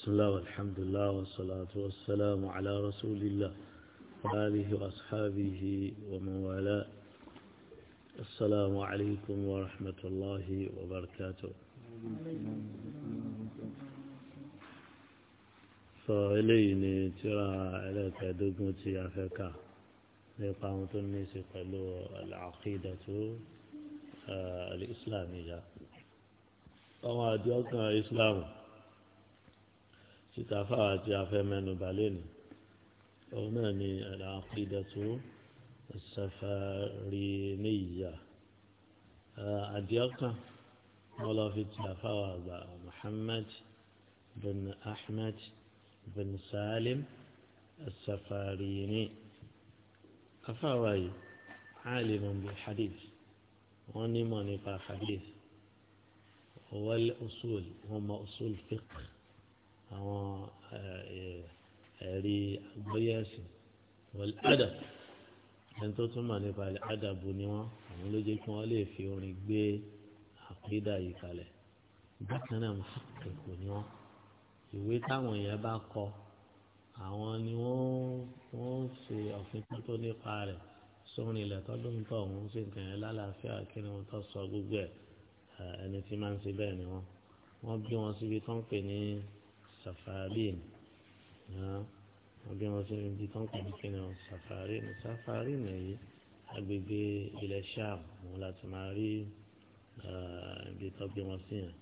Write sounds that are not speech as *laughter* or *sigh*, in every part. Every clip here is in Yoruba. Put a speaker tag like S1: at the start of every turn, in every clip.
S1: بسم الله والحمد لله والصلاة والسلام على رسول الله وآله وأصحابه ومن والاه السلام عليكم ورحمة الله وبركاته فإليني ترى على كدقمتي أفكا لقامة الناس قالوا العقيدة الإسلامية طبعا أدوك إسلامه تتفاعل فيما نبالين وما من العقيدة السفارينية أديقة مولا في تفاعل محمد بن أحمد بن سالم السفاريني أفاوي عالم بالحديث ونماني بالحديث هو الأصول هم أصول فقه àwọn ẹ̀rí agbóyè ẹ̀sìn wọ́n ádàb ẹni tó túmọ̀ nípa ádàbù ni wọ́n àwọn ló jẹ́ kí wọ́n lè fi orin gbé àkídà yìí kalẹ̀ bákan náà mo kẹ̀kọ́ ni wọ́n ìwé táwọn èèyàn bá kọ àwọn ni wọ́n ń ṣe ọ̀fin tó nípa rẹ̀ sóhun ilẹ̀ tọ́dún tó òun sì kàn yẹn lálàáfíà kí ni wọ́n tó sọ gbogbo ẹ̀ ẹni tí máa ń ṣe bẹ́ẹ̀ ni wọ́n wọ́n bí wọn síbi tó ń pè ní safarin ọbẹ̀ wọn sí ibi tó ń pè ní kíni wọn safarin safarin yìí agbègbè ilẹ̀ sham wọn láti máa rí ibi tó gbé wọn sí yẹn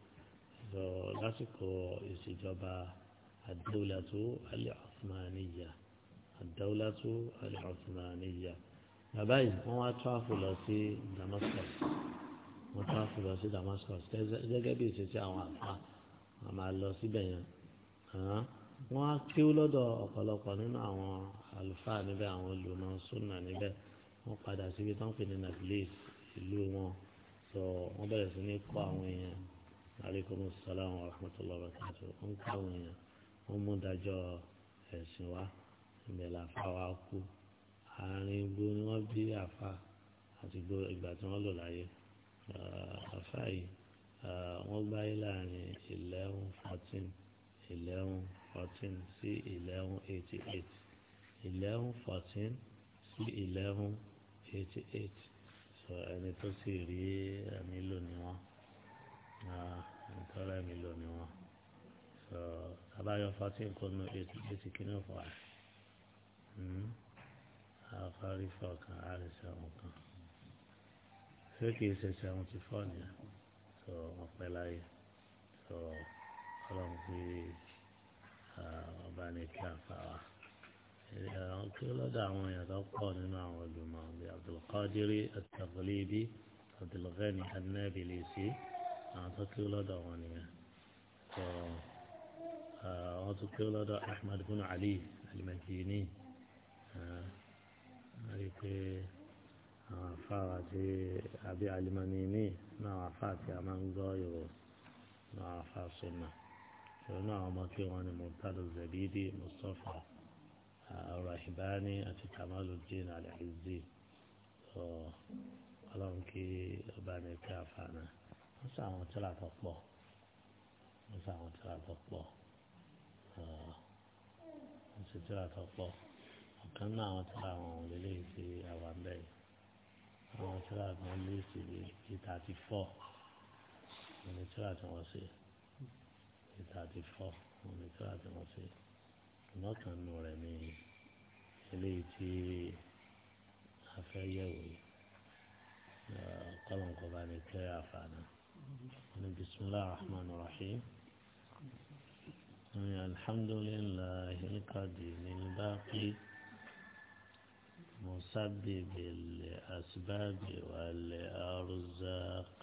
S1: lọ lásìkò ìṣèjọba àdáwùlátú alẹ́ ọ̀túnmáníyà àdáwùlátú alẹ́ ọ̀túnmáníyà bàbá yìí wọ́n wá tọ́àfù lọ sí Damascus wọ́n tọ́àfù lọ sí Damascus gẹ́gẹ́ bí ìṣesí àwọn àfa wọn máa lọ síbẹ̀ yẹn wọ́n á kíw lọ́dọ̀ ọ̀pọ̀lọpọ̀ nínú àwọn àlùfáà níbẹ̀ àwọn olùmọ̀ súnà níbẹ̀ wọ́n padà síbi tó ń pè ní nàbìlẹ́s ìlú wọn tó wọ́n bẹ̀rẹ̀ sí ní kọ́ àwọn èèyàn aleykum salaam wa rahmatullahi wa barakatuh wọ́n kọ́ àwọn èèyàn wọ́n mú dájọ́ ẹ̀sìn wa ìbẹ̀ làfa wa kú àárín igbó ni wọ́n bí àfa àti igbó ìgbà tí wọ́n lò láyé àfa yìí wọ́n gbáyé láàrin eleven fourteen eleven fourteen sí eleven eighty eight eleven fourteen sí eleven eighty eight sọ ẹni tó sì rí ẹ̀mí lò ní wọn ẹni tó rí ẹ̀mí lò ní wọn sọ abáyọ fourteen kò nu eighty eight kìíní fọ ẹ hmm? àfárí fọ kan àrí sẹ́wọ̀n kan ṣé kìí ṣe seventy four nìyẹn sọ wọn pẹ́ láyé sọ. So, ọlọ́run pé ọba ní kí afárá àwọn kí lọ́dọ̀ àwọn èèyàn tó pọ̀ nínú àwọn olùmọ̀ bíi abdulkadiri atagolibi abdulghani anabilisi àwọn tó kí lọ́dọ̀ wọn nìyẹn tó àwọn tó kí lọ́dọ̀ ahmed bin ali alimajini wọ́n rí i pé àwọn afárá àti àbí alimanini náà afárá àti àmàǹgọ́ yòó náà afárá sọ̀nà ìrònú àwọn ọmọ kí wọn ni murtado zabidi mustapha arahibani àti kamaludin alhazi ọlọ́run kí ọba ní pé àfààní wọ́n sọ àwọn tíra tó pọ̀ wọ́n sọ àwọn tíra tó pọ̀ wọ́n sì tíra tó pọ̀ ọ̀kan náà àwọn tíra àwọn òlélẹ́ ti àwọn bẹ́ẹ̀ àwọn tíra àwọn lẹ́sìn bíi thirty four àwọn tíra tí wọ́n ṣe. níta ti fọ́ omi tí wàá ti mọ̀ sí lọ́kàn nù rẹ̀ ní eléyìí tí a fẹ́ yẹ̀wò yìí kọ́lọ̀ nǹkan bá ní kẹ́ àfààní. بسم الله الرحمن الرحيم الحمد لله القديم الباقي مسبب الأسباب والأرزاق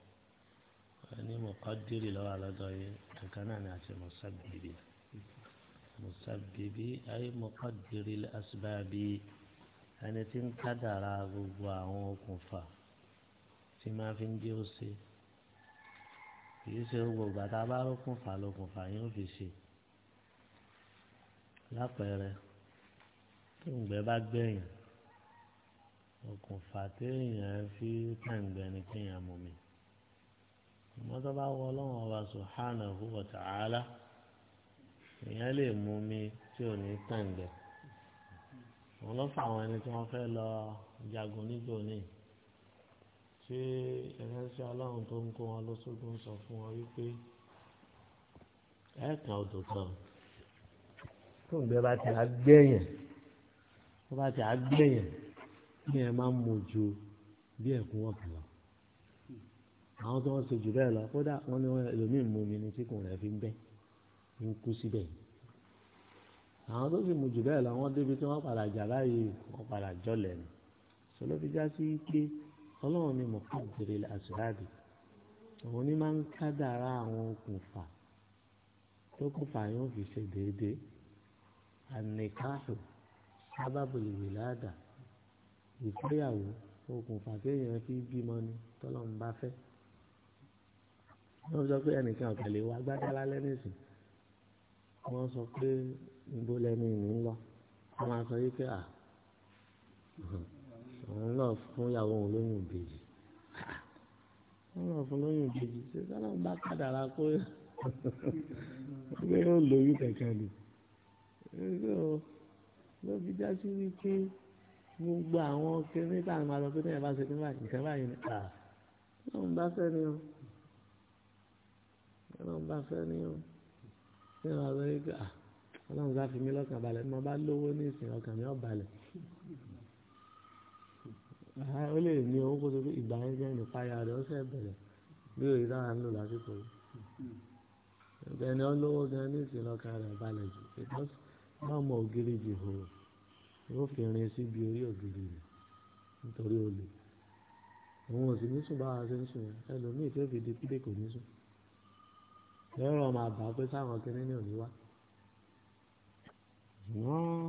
S1: ẹni mọ̀kádìrì lọ́wọ́ àlọ́dọ̀ yìí kankan náà ni àti mùsàbíbí mùsàbíbí ayé mọ̀kádìrì asibábí ẹni tí ń kádàrà gbogbo àwọn okùnfà tí máa fi ń jẹ́ òsè kìí ṣe gbogbo ìgbà tá a bá rókùnfà lókùnfà yóò fi ṣe lápẹẹrẹ tí òǹgbẹ bá gbẹ̀yìn okùnfà téèyàn fi tàǹgbẹ ni kéèyàn mú mi wọ́n tó bá wọ ọlọ́run ọba subhanahu wa ta'ala èèyàn lè mú mi tí ò ní tàǹdẹ̀ wọ́n lọ fà àwọn ẹni tí wọ́n fẹ́ lọ jagun nígbò ní ṣé ẹlẹ́sìn ọlọ́run tó ń kó wọn lọ́sọ́gun sọ fún wọn wípé ẹ̀ẹ̀kan odò kan tó ń gbé bá ti àgbẹ̀yìn bá ti àgbẹ̀yìn bí ẹ máa ń mojú bí ẹ̀kún wọ̀kàn lọ àwọn tó wọ́n ṣe jù bẹ́ẹ̀ lọ kódà wọ́n ní wọ́n ẹlòmíì mú mi ní tíkùn rẹ̀ fi ń bẹ́ ń kú síbẹ̀ àwọn tó sì mú jù bẹ́ẹ̀ lọ wọ́n débi tí wọ́n padà jà báyìí wọ́n padà jọlẹ̀ ni sọlọ́ fi já sí pé ọlọ́run ni mọ̀kàndínlẹ̀ àṣùráàdì òun ni máa ń kádàrá àwọn okùnfà tó kùnfà yóò fi ṣe déédéé ànìkáàtò sábàbòlì wìláàdà ìgbéyàwó okùnfà kéèyàn fi bímọ ni tọ́lọ́run fẹ́ wọ́n sọ pé ẹnìkan ọ̀kẹ́ lè wá gbádá lálẹ́ nìsín wọ́n sọ pé níbo lẹ́nu ìní ń lọ wọ́n máa sọ yìí pé à òun lọ fún ìyàwó òun lóyún ìbejì wọ́n lọ fún lóyún ìbejì ṣé sọ́nà ń bá kádàrá pé pé ó lóyún kẹ̀kẹ́ ni ló fi já sí wípé gbogbo àwọn kiri tá a máa lọ pé ní ẹ̀ bá ṣe ní báyìí ìṣẹ́ báyìí ni à lóun bá fẹ́ ni o ọlọ́run bá fẹ́ ní o ní ọ̀rọ̀ àgbẹ̀ yìí gbà ọlọ́run bá fi mí lọ́kàn balẹ̀ mo bá lówó ní ìsìn ọkàn mi ò balẹ̀ ó lè ní owó kó tó fi ìgbà yẹn jẹ́ ìpayà rẹ̀ ó fẹ́ bẹ̀rẹ̀ bí òye táwa ń lò lásìkò yìí ẹni ọlọ́wọ́ gan ní ìsìn ọkàn rẹ̀ balẹ̀ jù because má ògiri jì hòrò yóò fi rin síbi orí ògiri rẹ̀ nítorí olè òun ò sì ní sùn báwa ṣe ń sùn ẹlòmíì tó fi di pílé kò ní sùn lẹ́rọ máa bà pé sáwọn kiri ní òní wá wọ́n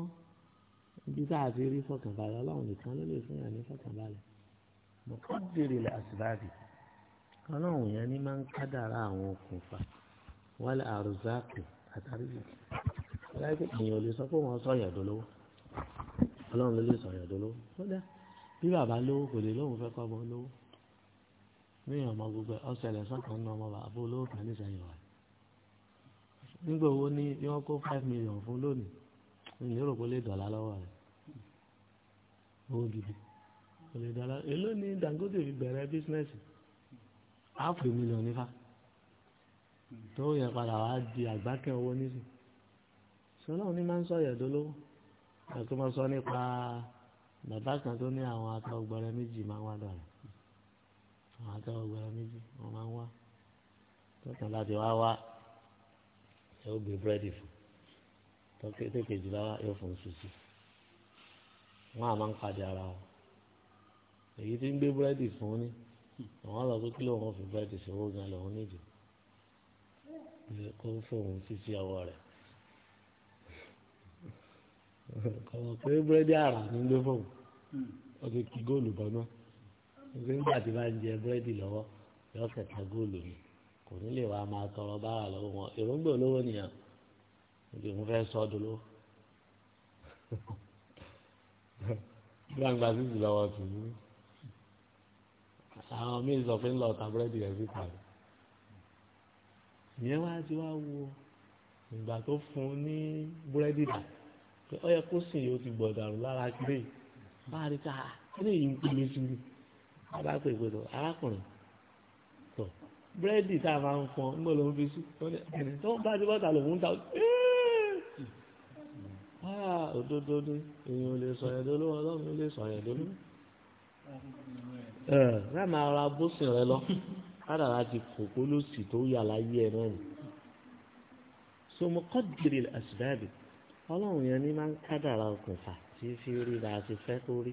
S1: ibi tá a ti rí fọkànbalẹ̀ ọlọ́run nìkan ló lè fún yàn ní fọkànbalẹ̀ mọ̀kọ́ dèrè àsìbáàbì ọlọ́run yẹn ní máa ń kádàrá àwọn okùnfà wálé àrùzáàkì àtàrí ìdí láìpẹ́ èèyàn ò lè sọ pé wọ́n sọ ìyàdó ọlọ́run ló lè sọ ìyàdó kódà bí bàbá lówó kò lè lóun fẹ́ kọ́ ọmọ lówó ní ìyàn ọmọ gbogbo ọ̀sẹ̀ lẹ́sàn kan ní ọmọ bàbá olówó kan ní ìsẹ̀yìn wáyé nígbà owó ní yọ kó five million fún lónìí ní ìlérò kó lè dọ̀là lọ́wọ́ rẹ̀ owó gidi kò lè dọ̀là èló ni Dangote fi bẹ̀rẹ̀ bísínẹ́sì half a million nífà tó yẹ padà wá di àgbákẹ́ owó nísìn sọlá òní máa ń sọ ìyàdó lówó ẹ̀kọ́ máa sọ nípa bàbá kan tó ní àwọn atọ́gbọ̀rẹ́ méjì máa ń wá dọ̀rẹ́ àwọn atọ́gbọ̀rẹ́ méjì wọ́n máa ń wá tó tàn láti wá wá ẹ ó gbé búrẹ́dì fún tọ́kété kejìlá yóò fún sùsì wọn àmọ́ ń pàdé ara wọn èyí tí ń gbé búrẹ́dì fún ni àwọn lọ sókè lòun fi búrẹ́dì sí owó gan lòun nídìí kó fóun títí ọwọ́ rẹ̀ kọ̀wọ̀ pé búrẹ́dì àrà ní gbé fóun ó ti kí góòlù bọ́ná nígbà tí bá ń jẹ búrẹ́dì lọ́wọ́ yọ kẹta góòlù ni kò ní lè wá máa tọrọ bára lọ́wọ́ wọn èròǹgbà olówó nìyẹn ìdí òun fẹ́ sọ ọdún lówó *laughs* gbangba sísì lọ́wọ́ tì í àwọn míì sọ pé ń lọ ta búrẹ́dì rẹ̀ síta ìyẹn wá ti wá wo ìgbà tó fún un ní búrẹ́dì rẹ̀ pé ó yẹ kó sìn yóò ti gbọ̀dàrú lára kiri báyìí ká kí ni ìyìn ah, pèmí sí mi bá pè pé tó arákùnrin búrẹ́dì tá a máa ń fọn nígbà lòun fi sùn ẹni tó ń bá ti bọ́ta lòun ń ta ah, òdodo ni èèyàn ò lè sọ̀yẹ̀ dolówó ọlọ́run ò lè sọ̀yẹ̀ dolówó. rẹ́ máa ra bósìn rẹ lọ kádàrá ti kò kó lòsì tó yà láyé ẹ náà ni. sọmọkọ́ dìrì àṣìdáàbì ọlọ́run yẹn ní máa ń kádàrá okùnfà tí fi rí ra àti fẹ́ kó rí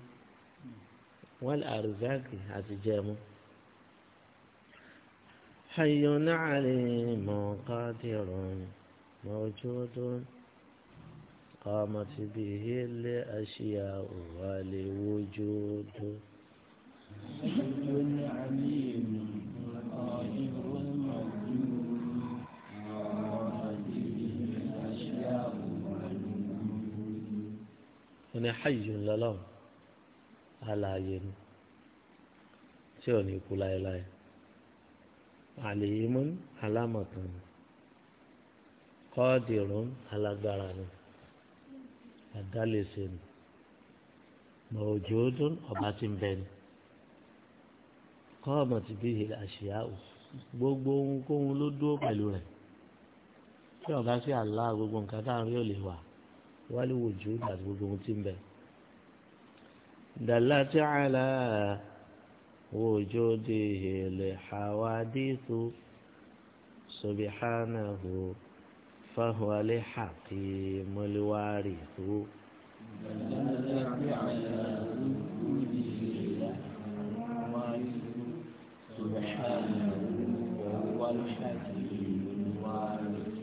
S1: wọ́n àrùzáàkì àti jẹ́mu. حي عليم قادر موجود قامت به الأشياء والوجود
S2: حي عليم قادر موجود قامت به الأشياء
S1: والوجود هنا حي لله على عين شو نقول لا àlèyémún alámọ̀tàn ni kọ́ọ̀dìrún alágbára ni àdálẹ́sẹ̀ ni mọ̀ọ́jọ́dún ọba ti ń bẹ ni kọ́ọ̀mọ̀ ti bí ìhìlẹ̀ àṣìyá o gbogbo ohunkóhun ló dúró pẹ̀lú rẹ̀ tí ọba sí àlá gbogbo nǹkan tá à ń rí ò wà wálé wòjú àti gbogbo ohun ti ń bẹ. dàlá tí وجوده الحوادث سبحانه فهو الحكيم الوارث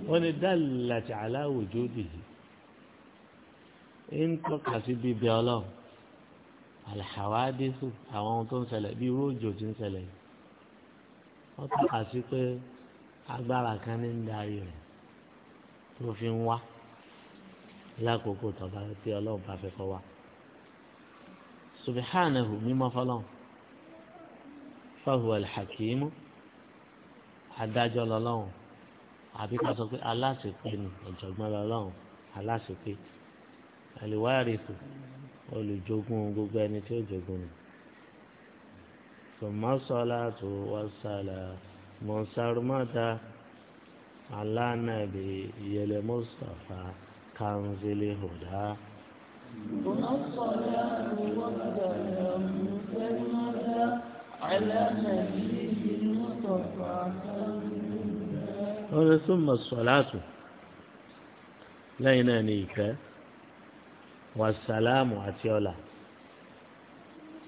S1: wọ́n ní dálìlà tí aláwòjó dìde ń tọ́ka sí bíbẹ ọlọ́run alhawadisu àwọn ohun tó ń ṣẹlẹ̀ bí irú òjò ti ń ṣẹlẹ̀ yìí wọ́n tọ́ka sí pé agbára kan ní ń darí rẹ̀ tó fi ń wá lákòókò tọ́ba tí ọlọ́run bá fẹ́ kọ́ wa. subhanahu mímọ́ fọlọ́n fahuwa alhakimu adájọ́ lọ́lọ́run àbí ká sọ pé aláṣepé ni ọ̀jọ̀gbọ́n lọ́lọ́run aláṣepé aliwarisu olùjogún gbogbo ẹni tí ó jogún ni. sọmọsọlá tó wàsálà mọ̀nsárùmọ́ta alánàbì yẹlẹ mustapha kanzili huda.
S2: sọmọsọlá tó wàsálà mọ̀nsárùmọ́ta alánàbì yẹlẹ mustapha kanzili
S1: huda. wọ́n lè sún mọ̀sọ̀lá tó lẹ́yìn náà ní ìkẹ́. wasalaamu àti ọ̀la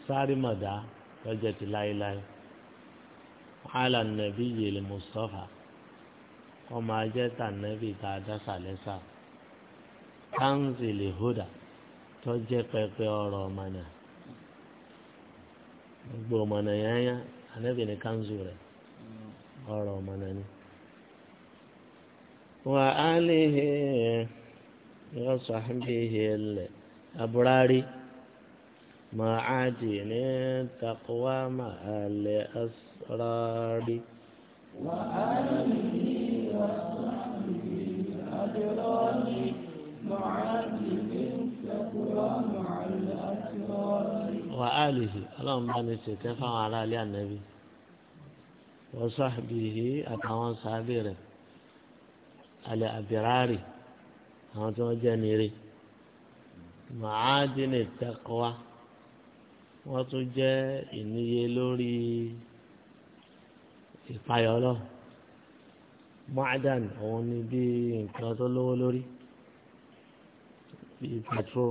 S1: sáré mọ̀dá lọ́jọ́ ti láéláé ala nàbí yèlè mustapha ọmọ ajẹ́ta nàbí ta dásà lẹ́sà kánzìlì hódà tó pẹpẹ ọ̀rọ̀ ọmọnà gbogbo ọmọnà yányá ànábì ní kánzù rẹ̀ ọ̀rọ̀ ọmọnà ni. أبراري ما عدن تقوى مع الأسرار
S2: وآله وصحبه أدراري مع عدن تقوى مع الأسرار
S1: وآله اللهم بني سيكفى على آل النبي وصحبه أتوان صابره على أبراري أتوان جنيري màádìní tẹkọwa wọn tún jẹ ìníye lórí ìpayọlọ mọ́ádàn òun ni bí nǹkan tó lówó lórí bíi pàtró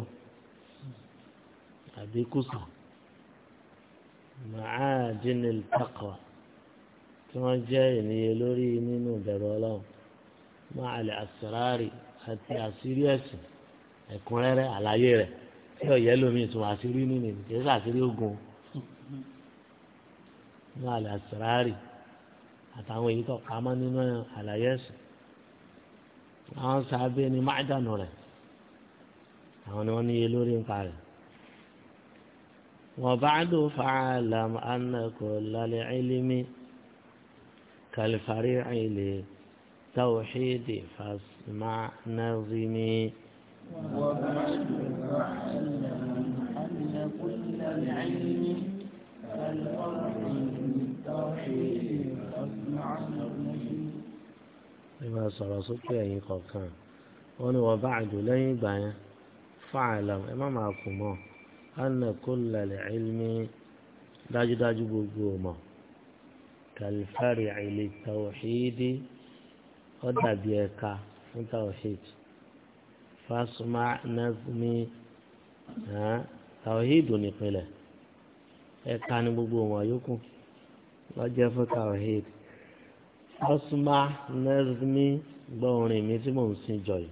S1: àbí kùsà màádìní tẹkọwa tí wọ́n jẹ́ ìníye lórí nínú ìbẹ̀rù ọlọ́run máa lè àsìrárì àti àsírí ẹ̀sìn ẹ̀kúnrẹ́rẹ́ àlàyé rẹ̀ tí ọ̀yẹ́ lomi ìtumọ̀ àṣírí nínú ìjẹ́sà àṣírí ogun ní àlẹ́ àṣírárì àtàwọn èyí tó pamọ́ nínú àlàyé ẹ̀sìn àwọn sábẹ́ ni májànù rẹ̀ àwọn ni wọ́n níye lórí nípa rẹ̀. وبعد فعلم أن كل العلم كالفريع لتوحيد فاسمع نظمي
S2: وبعيد وعلم أن كل العلم كالفرح بالتوحيد فاصنع
S1: المشي لما صار صوتي أي قوكان وأنا وبعد لي بعد فعلم إما معكم أن كل العلم dájúdájú gbogbo ọmọ kàlífàrí àìlè tàwọ̀ṣídì ó dàbí ẹ̀ka fún tàwọ̀ṣídì فاسمع نظمي ها توحيد نقلة كان بقول ما يكون وجف توحيد فاسمع نظمي بوني مثل سنجوي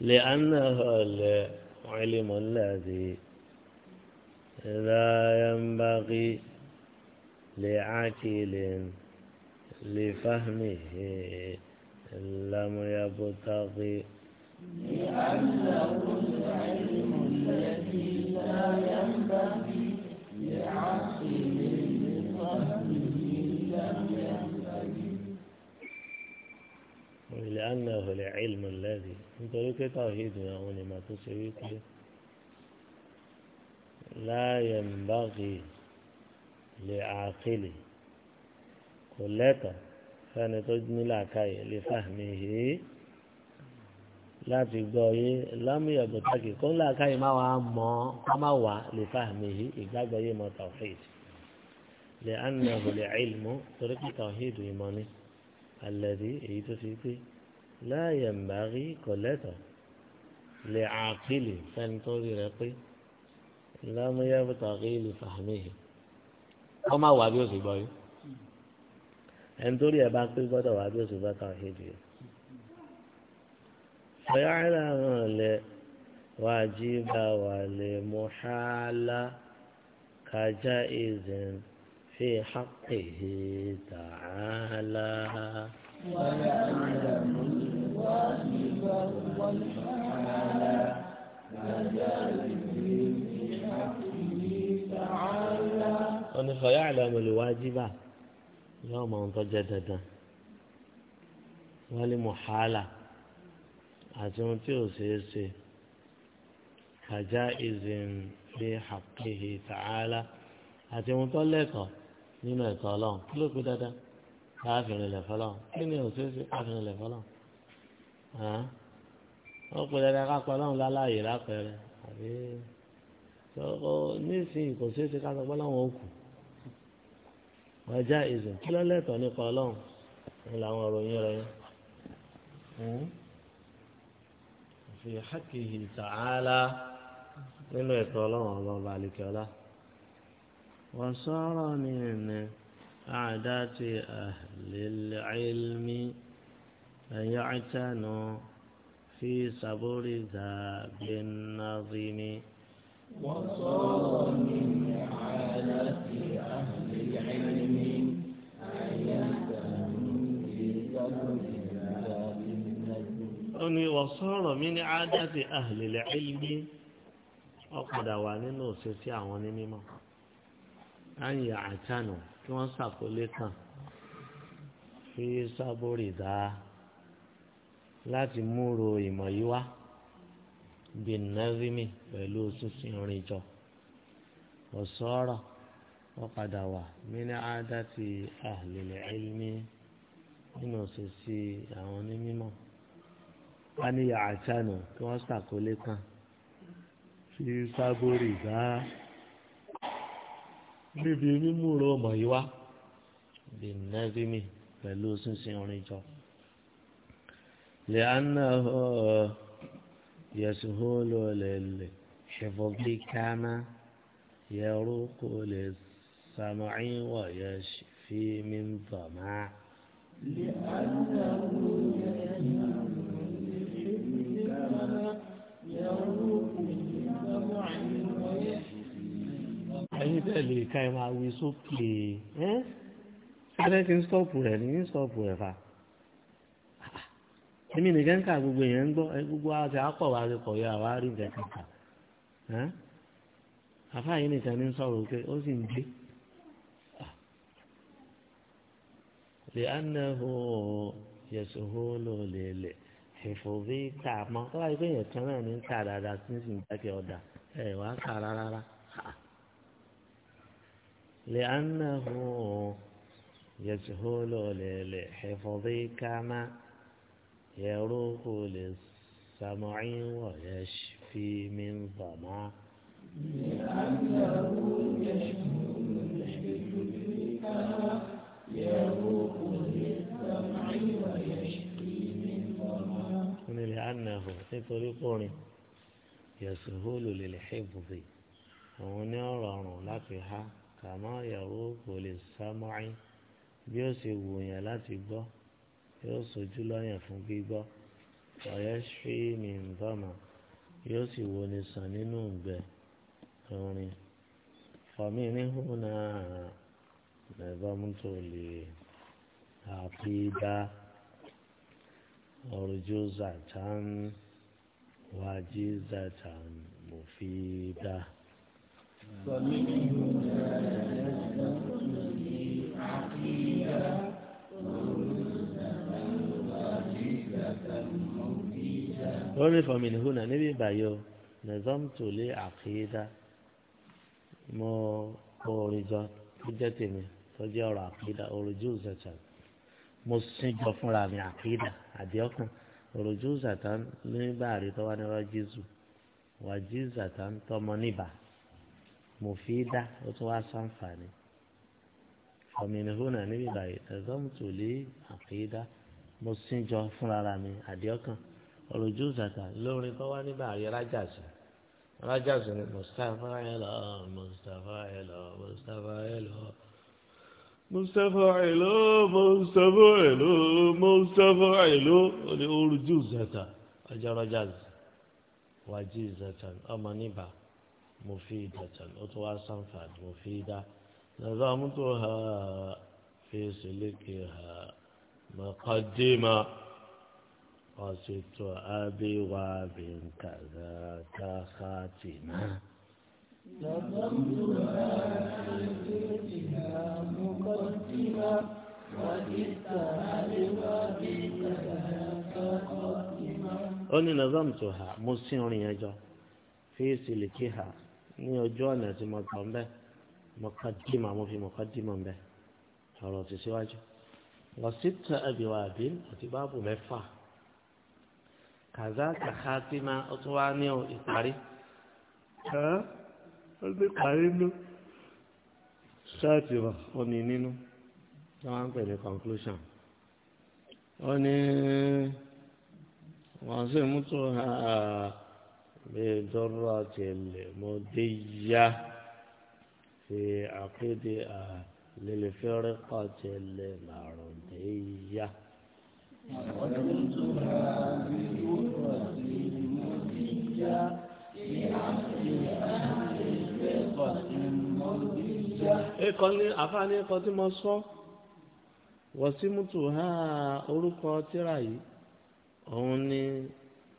S1: لأنه العلم الذي لا ينبغي لعاقل لفهمه لم يبتغي لأنه العلم الذي لا ينبغي
S2: لعاقل
S1: ينبغي العلم الذي توحيد يعني ما tó لا ينبغي لعاقل كلتا lẹ́tọ̀ fẹ́ni لفهمه láti gbọ́ yé lámúyàgbọ́ tàkì kó ńlá káyìí má wàá mọ́ ká má wà lè fa àmì yìí ìgbàgbọ́ yé mọ́ tawhid lè anahu lè ilmu torí pé tawhid ìmọ̀ ni alẹ́dí èyí tó ti pé láàyè mbàrí kò lẹ́tọ̀ lè àkìlì fẹ́ni tó rí rẹ pé lámúyàgbọ́ tàkì lè fa àmì yìí kó má wà bí ó sì gbọ́ yé ẹni tó rí ẹ bá pé gbọ́dọ̀ wà bí ó sì gbọ́ tawhid yìí. فيعلم الواجب ولمحال كجائز في حقه تعالى
S2: ويعلم الواجب والمحال كجائز في حقه تعالى
S1: ويعلم الواجب يوم أن تجدد ولمحاله àti ohun tí ò ṣeé ṣe àjá ìzìn bí hàkìhì tààlà àti ohun tó lẹ́kọ̀ọ́ nínú ẹ̀kọ́ ọlọ́run kí ló pé dáadáa káàfin ilẹ̀ fọlọ́run kí ni ò ṣeé ṣe káàfin ilẹ̀ fọlọ́run ó pè dáadáa ká pa ọlọ́run láláàyè lápẹẹrẹ àbí nísìnyí kò ṣeé ṣe ká sọ pé ọlọ́run ó kù àjá ìzìn kí ló lẹ́tọ̀ọ́ nípa ọlọ́run ni làwọn ọ̀rọ̀ yín rẹ̀ yín. في حقه تعالى إلا يقول الله بالك له وصار من عادات أهل العلم أن يعتنوا في صبر ذا بالنظيم وصار من عادات أهل ọ̀sọ́rọ̀ mi ní ádáti àhìlẹ̀lẹ̀ ilmi ọ̀padà wà nínú òṣè sí àwọn ní mímọ́ láyé àtànù kí wọ́n ṣàkólé kan fi sábórì dá láti múro ìmọ̀ yìí wá bí nàvimi pẹ̀lú sísìn orin jọ ọ̀sọ́rọ̀ ọ̀padà wà mí ní ádáti àhìlẹ̀lẹ̀ ilmi nínú òṣè sí àwọn ní mímọ́ wọ́n ní àṣànù kí wọ́n ṣàkólé kan fi sábórì bá níbi mímú rọmọ yìí wá bí nẹ́fímì pẹ̀lú sísìn orin jọ. لأنه يسهل للحفظكما يروق للسمع ويشفي من ظمع
S2: لأنه يسهل ẹ̀yin
S1: tẹ̀ lè ka ẹ̀ máa wí sókè ń rẹ̀ ní rẹ̀ èmi ká gbogbo èèyàn ń gbọ́ gbogbo àti wa ti àwa rí nǹkan nìkan ní sọ̀rọ̀ pé ó sì ń gbé. لأنه ìfòbí tà mọ́ tó bá yẹ pé èèyàn kan náà ní tà dáadáa sí ní ìdákẹ́ ọ̀dà ẹ̀ wá tà rárá. لأنه يسهل للحفظ كما يروق للسمع ويشفي من ظما
S2: لأنه يسهل للحفظ كما يروق
S1: للسمع ويشفي من ظما nílẹ̀ anahu nítorí kọrin yasuhulu lil hifzi òun ní ọ̀rọ̀ ọ̀rùn láti há kàmá yàwó kò lè sámọ́ọ́í bí ó sì wù yàn láti gbọ́ yóò sojú lọ́yàn fún gbígbọ́ ọ̀yẹ́ ṣí mi ń bọ̀mọ̀ yóò sì wo ni sàn nínú ìgbẹ́ orin fọ̀mí níhùn náà nàìbọ̀mù tó lè àpídá. أرجوزة وجيزة مفيدة فمنهم ما يستقل في عقيدة wọ́n ní fọmìnì hùnà níbi ìbàyọ̀ nẹ̀zọ́mtò lé àkìdá mọ orin jọ tó jẹ́ tèmi tó jẹ́ ọ̀rọ̀ àkìdá orin jù mo sin jọ fúnra mi àkìdá àdéhùn òròjú zàtán nígbà rí tọ́wá ní rọ́jísù wàjí zàtán tọmọ níbà mòfídà ó tún wá sàǹfààní ọ̀mìnirúnà níbi báyìí tẹ̀sánmùtò lé àkéédá mo síjọ fúnra mi àdéhùn òròjú zàtán lórí tọ́wá níbà rí rájà sí rájà ni mustapha ẹ lọ mustapha ẹ lọ mustapha ẹ lọ mustapha ìlú mustapha ìlú mustapha ìlú ní orújú zẹta ajaraja wájú zẹta ọmọ níbà mo fi ìdàtà ó tún wá sanfàdì mo fi dá lọ́dọ̀ ha fi sílẹ̀kì ha mọ̀kọ́dìmọ̀ ọ̀sẹ̀tọ̀ abẹ́wà bẹ̀ǹkà zàkà kàtìmá.
S2: نظمتها في بيتها مقدمة
S1: ó ní nazam tó ha mo sin orin yẹn jọ fi siliki ha ní ọjọ́ ọ̀nà tí mo tọ̀ ń bẹ́ mo ká dìmọ̀ mo fi mo ká dìmọ̀ ń ọ̀rọ̀ ti síwájú wọ́n sì tẹ ẹ̀bìwà àbí àti báàbù mẹ́fà kàzá kàkà tí ma ó tún wá ní ìparí ó gbé parí ló ṣáàtì omi nínú tí wọ́n ń pè ní conclusion ó ní wọ́n sì mú tó bí dọ́rọ́ àti ẹ̀lẹ́ mọ́dé yá fi àkéde àlelefẹ́rẹ́ pàtẹ ẹ̀lẹ́ làrùn dé yá. àwọn tó ń ra bí dọ́rọ́ àti ẹ̀lẹ́ mọ́dé yá fi àkéde ẹkọ ní àfáàní ẹkọ tí mo sọ wọ́símùtù ha orúkọ tíra yìí òun ni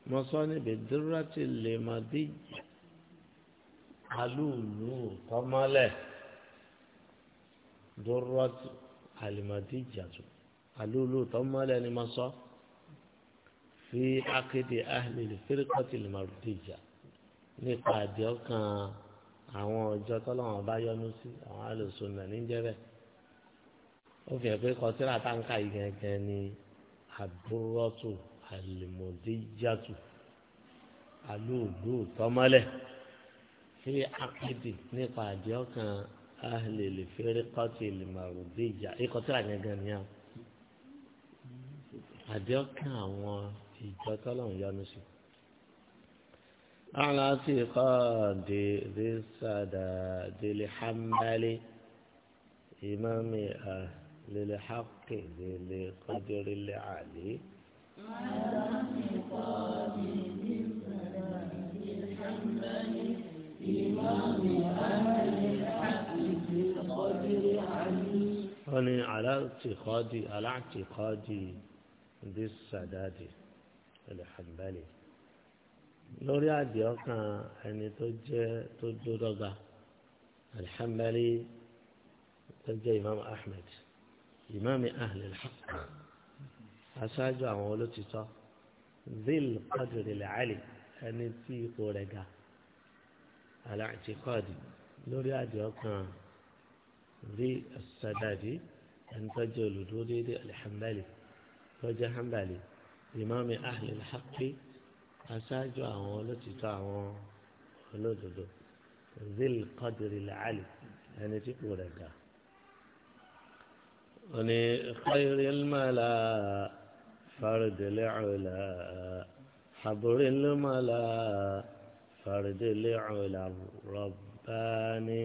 S1: mo sọ níbi dúrátì lè má dé alúùlù tọmọlẹ dúrátì àlìmọdé jàdù alúùlù tọmọlẹ ni mo sọ fi akéde ahmed fírikọtì lè má dé nípa àdéhùn kan àwọn ọjọ́ tọ́lọ́wọ́n bá yọ́nú sí àwọn alòsùn náà níjẹ́ bẹ́ẹ̀ ó fi hàn pé kọtíra táǹkà yìí gẹ́gẹ́ ni àbúrọ́tù àlùmọ̀déjàtù alóòlù tọ́mọ́lẹ̀ fi akéde nípa àdéhùkàn ahlèlè fẹ́rẹ́ kọ́tì ìlùmọ̀rọ̀déjà ìkọtíra gẹ́gẹ́ ni àwọn àdéhùkàn àwọn ìjọ tọ́lọ́wọ́n yọ́nú sí على اعتقاد ذي السداد لحمل إمام أهل الحق ذي القدر العلي
S2: على اعتقاد ذي السداد لحمل إمام أهل الحق ذي القدر علي
S1: أنا على اعتقادي على اعتقادي بالسداد الحنبلي lórí àdì ọkàn ẹni tó jẹ́ tó dúdọ́gba alihamdulilayi tó jẹ́ imam ahmed imam ahlil haq aṣáájú àwọn olótìtọ́ zil qadri ali ẹni tí ipò rẹ̀ ga alaɛtikɔdi lórí àdìọ kan rí sadadi ẹni tó jẹ́ olùdó déédéé alihamdulilayi tó jẹ́ hamdali imam ahlil haqi aṣáájú àwọn olótìtọ́ àwọn olódodo zil qadri làálì ẹni tí kò rẹ̀ ga. oni khayri mala faridili cula xaburi mala faridili cula rabbaani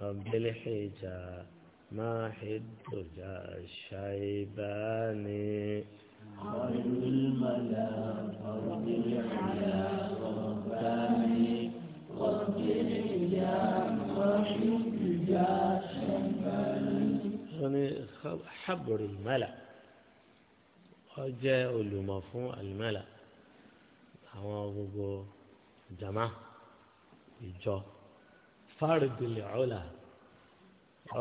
S1: rabbili xija ma xidduja shaybaani. خير الملا رب العلا رباني واغفر يا محب يا شمالي حبر الملا ọjẹ́ olùmọ̀ fún àlùmọ́là àwọn gbogbo jama ìjọ fáridìlì ọ̀la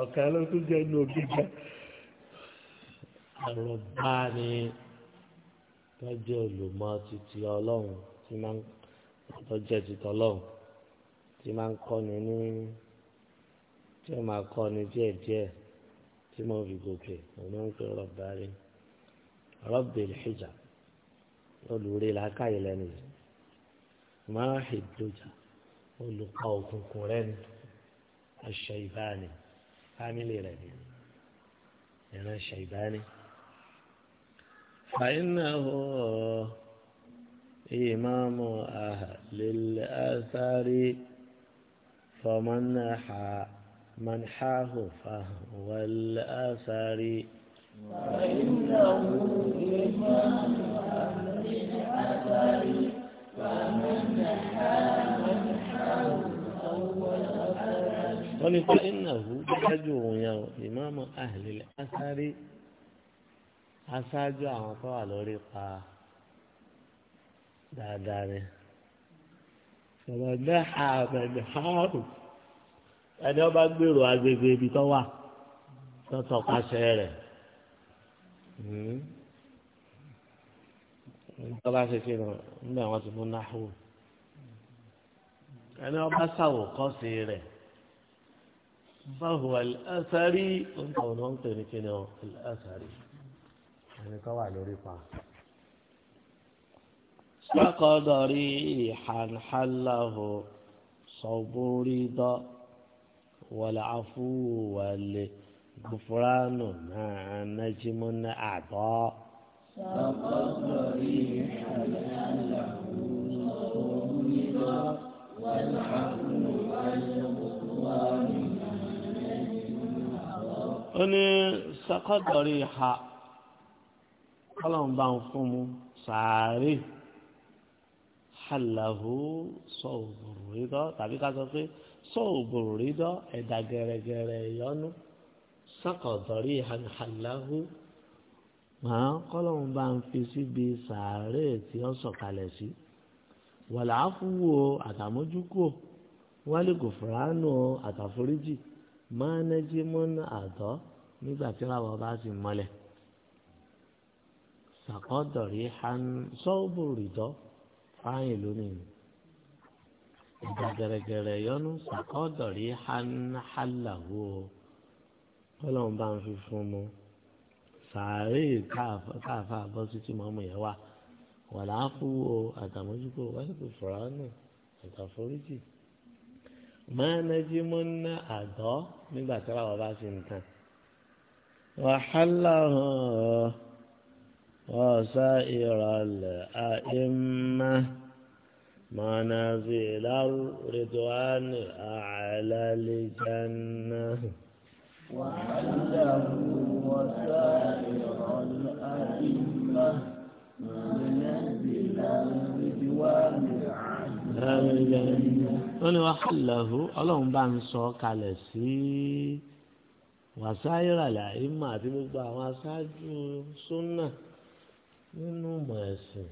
S1: ọ̀kan ló tún jẹ́ inú ògìjà àrùbá ni tó jẹ́ olùmọ̀ títí ọlọ́run tí máa ń tó jẹ́ títí ọlọ́run tí máa ń kọ́ni ní tí ó máa kọ́ni díẹ̀ díẹ̀ tí mo fi gòkè òun ń pè rọ̀bà rí rọ̀bì ìlhìjà olùrí làákàyè lẹ́nu yìí máa hìdójà olùkọ́ òkùnkùn rẹ̀ ni aṣọ ìbáni fámìlì rẹ̀ ni ìran ìbáni. فإنه إمام أهل الأثر فمنح منحاه فهو الأثر فإنه إمام أهل الأثر
S2: فمن منحاه فهو الأثر ولكنه
S1: حجر إمام أهل الأثر aṣáájú àwọn tó wà lórí pa dáadáa ni sọ̀rọ̀ mẹ́ha mẹ́lẹ̀ hárùn ẹni ọba gbèrò agbègbè ibi tó wà tó tọpasẹ̀ rẹ̀ hmm. tọ́ba ṣe kí nígbà wọn ti mú náhù ẹni ọba ṣàwòkọ́sí rẹ̀ báwo ẹ̀sàrí ń tọ̀ يعني طلع له ريق سقد ريحا حله صوب رضا والعفو والغفران مع نجم أعضاء سقد ريحا حله صوب رضا والعفو والغفران
S2: مع نجم أعضاء
S1: سقد ريحا kọ́lọ́n bá ń fún mu sàárè hàlàhó sọ̀bùrù rídọ́ tàbí ká sọ pé sọ̀bùrù rídọ́ ẹ̀dà gẹ̀rẹ́gẹ̀rẹ́ ìyọnu sàkọ̀dọ̀rí hàlàhó màá kọ́lọ́n bá ń fi síbi sàárè tí ó sọ̀kalẹ̀ sí wàlà áfúwò àtàmójúkò wálé gòfòránù àtàforíjì máa nẹ́jí àdọ́ nígbà tí wàá bá ti mọ́lẹ̀ àkọ́dọ̀rí han sọ́ọ̀bù rìdọ́ fáyìn lónìí ìgbà gẹ̀rẹ́gẹ̀rẹ́ yọnu sàkọ́dọ̀rí han hàlàwó ọlọ́run bá ń fi fún mu sàárè káàfà bọ́ sí tí màmú yẹn wà wàlá fúwo àtàmójúkò wáyé kò fọ́ra nù àtàforíjì mọ́nájí mọ́ ná nígbà tí wọ́n bá ti ń wàhálà hàn án. وسائر الأئمة منازل الرضوان أعلى الجنة
S2: وعله وسائر الأئمة منازل الرضوان أعلى الجنة wọ́n ní
S1: wàhálàhù ọlọ́run bá ń sọ kalẹ̀ sí wàsáírà làímà àti gbogbo àwọn aṣáájú súnà nínú mọ̀ ẹ̀sìn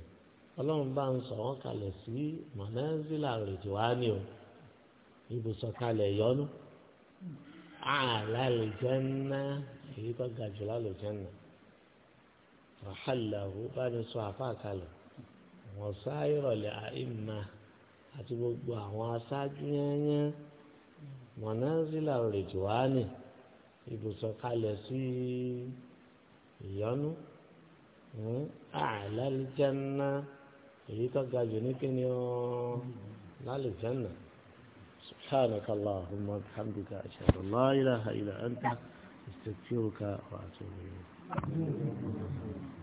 S1: ọlọ́run bá ń sọ wọ́n kalẹ̀ sí mọ̀nẹ́sílà rèjì wá ní o ibùsọ̀ kalẹ̀ yọnu àlà àlùjẹ́nà èyí tó ga jù lálùjẹ́nà wàhálàhù bá ní sọ àfáà wọ́n sá ìrọ̀lẹ́ àìmà àti gbogbo àwọn aṣáájú yẹnyẹn mọ̀nẹ́sílà rèjì wá ní ibùsọ̀ kalẹ̀ sí ìyọnu àlẹ́ alìjẹ́nà èyí tó ga jù ní kíni ó lálẹ́ jẹ́nà سبحانك اللهم وبحمدك أشهد أن لا إله إلا أنت استغفرك وأتوب إليك